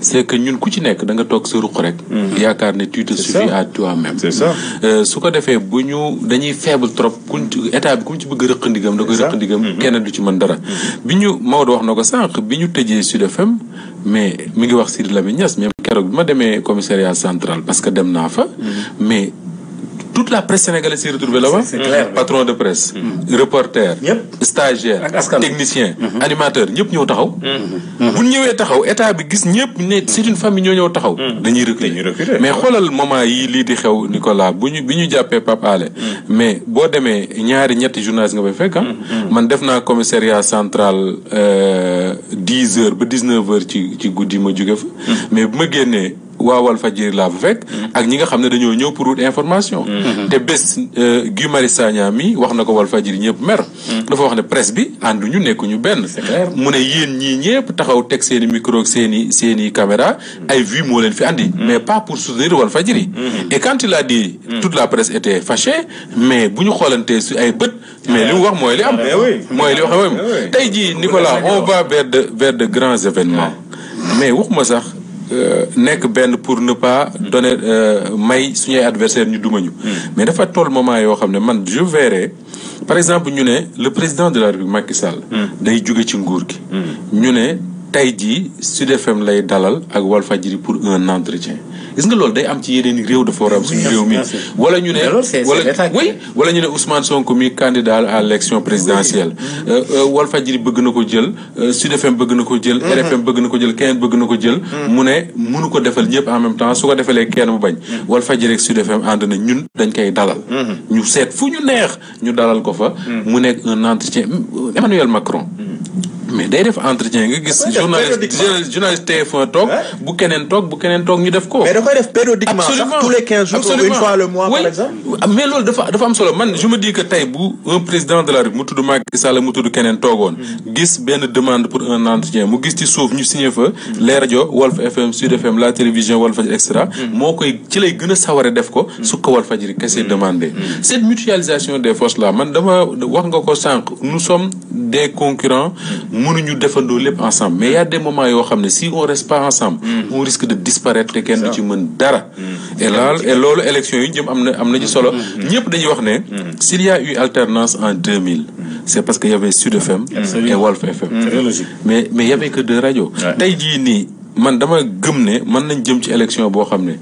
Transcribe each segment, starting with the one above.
c'est que ñun ku ci nekk danga toog sa ruq rek. Hmm. yaakaar ne tu te suffis à toi-même. c'est euh, su ko defee bu ñu dañuy faible trop kuñ ci état bi ku ci bëgg rëq ndigam da koy rëq ndigam. Hmm. kenn du ci mën dara. Hmm. bi ñu Maodo wax na ko sànq bi ñu tëjee Sud FM mais mi ngi wax Sidy Lamine Niass même keroog bi ma demee commissariat central parce que dem naa fa mais. tout la presse sénégale s'est retrouvée là-bas. c'est clair patron de presse. Mm-hmm. reporter. ñëpp stagiaire technicien. Mm-hmm. animateur ñëpp ñëw taxaw. Mm-hmm. bu ñu ñëwee taxaw état bi gis ñëpp ne c'est une famille ñoo ñëw taxaw. dañuy reculer mais xoolal moment yi lii di xew Nicolas bu ñu bi ñu jàppee Pape mais boo demee ñaari ñetti journaliste nga fay fekk ah. man def naa commissariat central euh, dix heures ba dix neuf heures ci ci guddi ma jóge fa. mais bu ma génnee. waa Walfadjri laa fa fekk. Mm-hmm. ak ñi nga xam ne dañoo ñëw pour information. Mm-hmm. te bés euh, Guy Marius Sagna mi wax na ko Walfadjri ñëpp mer. Mm-hmm. dafa wax ne presse bi ñu nekkuñu benn. c'est mu ne yéen ñii ñëpp taxaw teg seen i seeni ak seen i seen i ay vues moo leen fi andi. mais pas pour soutenir Walfadjri. et quand il a dit. toute la presse était fâchée mais bu ñu xoolantee su ay bët. mais li mu wax mooy li am. mooy li wax mooy tey jii Nicolas on va vers de vers de grands événements mais waxuma sax. Euh, nekk benn pour ne pas donner euh, may suñuy adversaire ñu dumañu hmm. mais dafa toll moment yoo xam ne man je verrai par exemple ñu ne le président de la République Macky Sall. Hmm. day jóge ci nguur gi hmm. ñu ne tey jii Sud FM lay dalal ak Walfadjri pour un entretien gis nga loolu day am ci yeneen réew dafa war a am suñu réew mi wala ñu ne wala oui wala ñu ne Ousmane Sonko mi candidat à l'élection présidentielle euh, euh, Walfadjri bëgg na ko jël euh, Sud bëgg na ko jël RFM mm-hmm. bëgg na ko jël keneen bëgg na ko jël mm-hmm. mu ne mënu ko defal ñëpp en même temps su ko defalee kenn mu bañ mm-hmm. Walfadjri ak Sud FM ànd na ñun dañ koy dalal ñu seet fu ñu neex ñu dalal ko fa mu nekk un entretien Emmanuel Macron mais day def entretien nga gis. journaliste journaliste TF1 toog. bu keneen toog bu keneen toog ñu def ko. mais da koy def périodiquement sax tous les 15 jours. ou une fois le mois ah, dafa dafa am solo man je me dis tey bu un président de la République mu tudd Macky Sall mu tudd keneen toogoon. Hmm. gis benn demande pour un entretien mu gis ci suuf ñu signé fa. Hmm. les rajo Walf FM Sud FM la télévision Walfadjri et cetera. Hmm. moo koy ci lay gën a saware def ko. su ko Walfadjri kese demandé. cette mutualisation des forces la man dama wax nga ko sànq nous des concurrents. mënuñu defandoo lépp ensemble mais y a des moments yoo xam ne si on reste pas ensemble. Mm. on risque de disparaître te kenn du ci mën dara. Mm. et laal et loolu élection yi jëm am na am na ci solo. Mm. ñëpp dañuy wax ne. s'il y a eu alternance en 2000. c'est parce que y avait Sud FM. et Walf FM. mais mais y avait que deux radios. tey jii nii. man dama gëm ne mën nañ jëm ci élection boo xam ne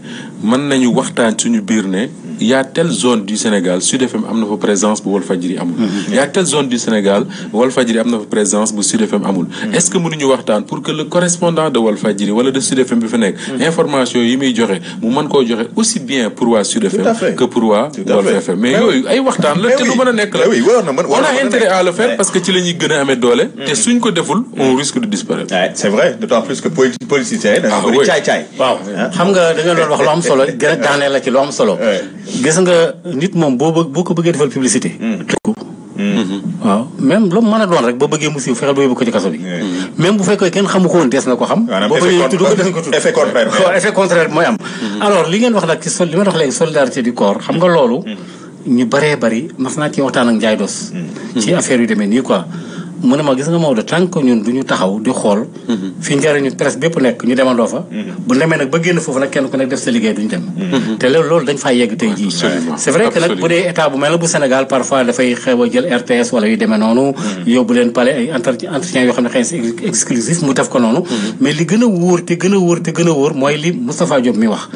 mën nañu waxtaan suñu biir ne. yaa a zone du Sénégal Sud FM am na fa présence bu Walfadjri amul. Mhm. y a zone du Sénégal Walfadjri am na fa présence bu Sud FM amul. Mhm. est-ce que mënuñu waxtaan pour que le correspondant de Walfadjri wala de Sud FM bi fa nekk. Mhm. information yi muy joxe mu mën koo joxe aussi bien pour waa Sud FM. que pour waa Walf mais yooyu ay waxtaan la te lu mën a nekk la. on a intérêt parce que ci la ñuy gën a doole. te suñ ko deful on risque de disparaître. c'est vrai d'autant plus que ah, xam nga da nga doon wax lu am solo gën a daaneel la ci lu am solo. gis nga nit moom boo boo ko bëggee defal publicité. Mm. Mm. Mm-hmm. waaw même lu mu mën a doon rek boo bëggee mu siiw fexeel ba yóbbu ko ci kaso bi. Mm. Mm-hmm. même bu fekkee kenn xamu ko woon des na ko xam. maanaam effet contraire waaw effet contraire mooy am. Mm-hmm. alors li ngeen wax nag ci sol li ma wax léegi solidarité du corps xam nga loolu. ñu baree bari mas naa ci waxtaan ak Ndiaye Dos. ci affaire yu demee nii quoi. mu ne ma gis nga Maodo tant que ñun du ñu taxaw di xool. Mhm. fi njëriñu presse bépp nekk ñu demandoo fa. Mhm. bu demee nag ba génn foofu nag kenn ku nekk def sa liggéey duñ dem. Mhm. te loolu dañ faa yegg tey c'est vrai que nag bu dee état bu mel a jël yoo xam ne xëy na c'est exclusif mu def ko noonu. li gën a wóor te gën a wóor te gën a wóor mooy li Moustapha Diop mi wax.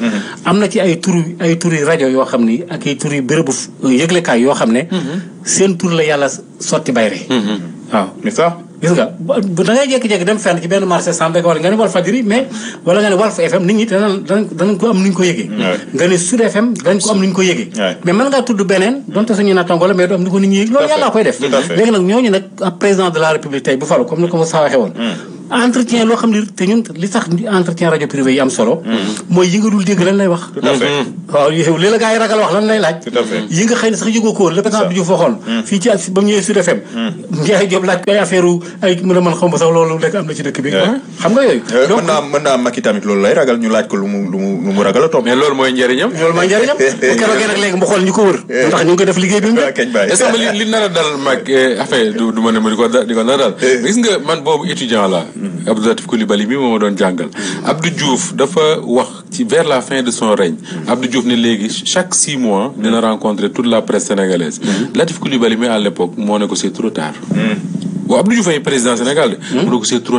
am na ci ay tur ay turi rajo yoo xam ni ak ay turi bérébu yëglekaay yoo xam ne. seen tur la yàlla sotti bayre waaw mais ça gis nga bu da ngay jékki-jékki dem fenn ci benn marché Samba wala nga ne Walf Fadjri mais wala nga ne Walf FM nit ñi danañ danañ ko am nu ñu ko yëgee. nga ne Sud FM danañ ko am nu ñu ko yëgee. mais mën ngaa tudd beneen donte suñu naataango la mais du am nit ñi yëg loolu yàlla koy def. léegi nag ñooñu nag président de la république tey bu falu comme ni ko ma saa entretien loo xam ne te li tax entretien rajo privé yi am solo. Mm-hmm. mooy yi nga dul dégg lan lay wax. tout à fait mm-hmm. waaw yow li la gaa yi ragal wax lan lay laaj. tout à fait yi nga xëy na sax yëgoo ko woon. le président du mm-hmm. fii ci ak ba mu ñëwee Sud a mën xaw ma sax loolu rek am na ci dëkk bi. nga yooyu. Euh, donc mën naa mën tamit loolu lay ragal ñu laaj ko lu mu lu mu ragal a topp. mais loolu mooy njëriñam. loolu mooy njëriñam bu keroogee nag léegi mu xool ñu ko wër. ndax ñu ngi ko def liggéey bi mu def. est li nar dal mag euh, affaire du ma ne ma di ko di ko nar a dal euh. gis nga man boobu étudiant la Abdoulatif Coulibaly mi moo a doon jàngal. Abdou Diouf dafa wax ci vers la fin de son règne. Abdou Diouf ne léegi chaque six mois. dina rencontrer tout la presse sénégalaise. Mm-hmm. Latif Coulibaly mi à l'époque moo ne ko c'est trop tard. Mm-hmm. waaw Abdou Diouf ay président Sénégal de. Hmm? mu boobu hmm. wees di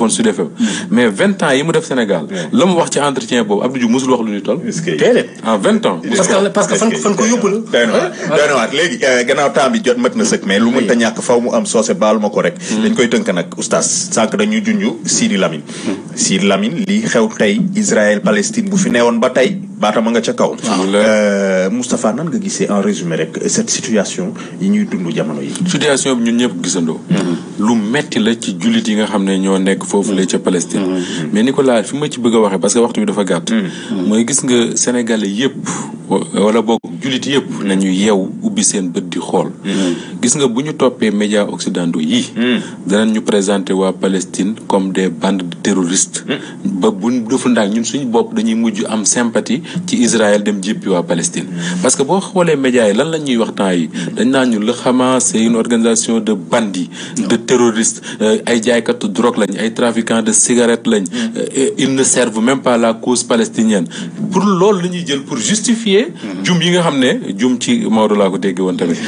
wax euh, hmm. mais vingt ans yi mu def Sénégal. la mu wax musul wax lu ñu toll. a en vingt ans. parce que parce que fan fan ko yóbbu la. doy na waat léegi euh, gannaaw temps mat na sëkk mais lu mënta ñàkk faw mu am soose baal ko rek. dañ koy tënk nag oustaz dañuy junj Sidi Lamine. Sidi Lamine li xew tey Israël Palestine bu fi nee woon ba tey baatama nga ca kaw. Ah, euh, Moustapha nan nga gisee en résumé rek cette situation yi ñuy dund jamono yi. situation bi ñun ñëpp gisandoo. Mm-hmm. lu metti la ci jullit yi nga xam ne ñoo nekk foofu la ca Palestine. Mm-hmm. mais Nicolas fi ma ci bëgg a waxee parce que waxtu bi dafa gàtt. Mm-hmm. mooy gis nga Sénégalais yëpp wala boog jullit yëpp nañu yeew ubbi seen bët di xool. gis nga bu ñu toppee médias occidentaux yi hmm. danañ ñu présenter waa Palestine comme de bandes de terroristes hmm. ba bu defu ndaag ñun suñu bopp dañuy mujj am sympathie ci Israël dem jéppi waa Palestine hmm. parce que boo xoolee médias yi lan la ñuy wax temps yi dañ naa ñu le Hamas c'est une organisation de bandits de terroristes euh, ay jaaykatu drogue lañ ay trafiquants de cigarettes lañ euh, ils ne servent même pas la cause palestinienne pour loolu la ñuy jël pour justifier jum yi nga xam ne jum ci Maodo laa ko woon tamit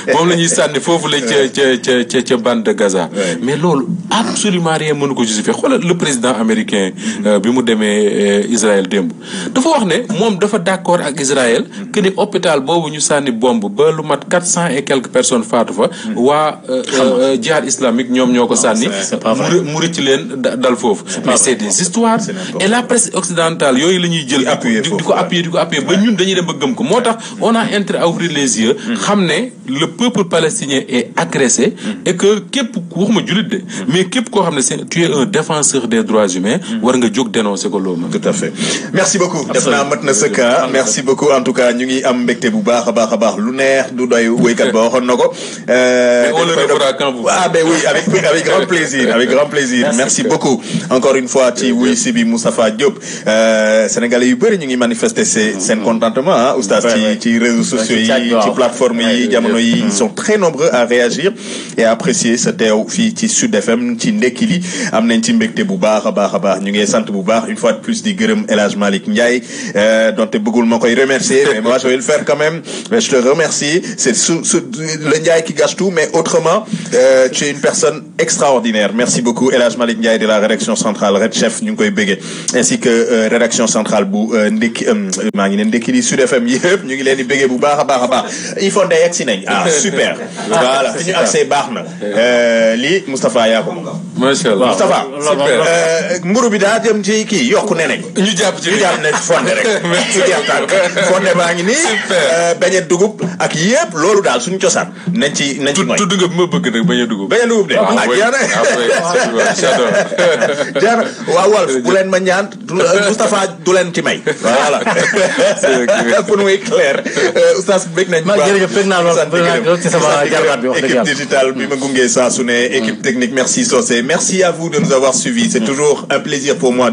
moom la ñuy sànni foofu la ca ca ca ca bande de Gaza. mais loolu absolument rien mënu ko justifier xoolal le président américain. Euh, bi mu demee euh, Israël démb. dafa wax ne moom dafa d' accord ak Israël. que ni hôpital boobu ñu sànni bomb ba lu mat quatre cent et quelques personnes faatu fa. waa euh, jihad islamique ñoom ñoo ko ah, sànni. mu rëcc leen dal foofu. mais c' est des histoires. et la presse occidentale yooyu la ñuy jël. di ko appuyer di ko appuyer ba ñun dañuy dem ba gëm ko moo tax on a intérêt à les yeux. Hmm. xam ne. le peuple palestinien est agressé mm. et que képp waxuma jullit de mm. mais képp koo xam ne c'est tu es un défenseur des droits humains mm. war nga jóg dénoncer ko loolu tout à merci beaucoup def naa mat na sëkk ah. merci beaucoup en tout cas ñu ngi am mbégte bu baax a baax a baax lu neex du doy woykat ba waxoon na ko euh, on le refera quand vous ah ben oui avec avec grand plaisir avec grand plaisir merci beaucoup encore une fois ci wuy si bi Moustapha Diop euh, yu bëri ñu ngi manifester seen contentement ah yi ils hmm. sont très nombreux à réagir et apprécier sa teew fii ci Sud FM ci ndekki li am nañ ci mbégte bu baax a baax a baax ñu ngi sant bu baax une fois de plus di gërëm El Hadj Malick Ndiaye euh, donte bëggul ma koy remercier mais moi je vais le faire quand même je te remercie c'est su le Ndiaye qui gâche tout mais autrement euh, tu es une personne extraordinaire merci beaucoup El Hadj Malick Ndiaye de la rédaction centrale Red Chef ñu ngi koy bëggee ainsi que euh, rédaction centrale euh, euh, maa ngi ne di bëggee bu baax a baax baax il ah super. voilà fi ñu accès baax na. Euh, lii Moustapha yaa ko moom. macha allah Moustapha. Euh, mburu bi daa jëm ci kii yokku ne nañ. ñu jàpp ci ñu jàpp ne fonde rek. baa ngi nii. Euh, beñe dugub ak yëpp loolu daal suñu cosaan. nañ ci nañ ci mooy tudd nga ma bëgg nag beñe dugub. beñe dugub de ah, ah jaana. Ah, jaana waaw leen ma ñaan Moustapha du leen ci may. voilà pour muy clair oustaz bëgg nañ. maa ci équipe digitale bi ma gunge saa équipe mm. technique merci Socé merci à vous de nous avoir suivis. c'est mm. toujours un plaisir pour moi.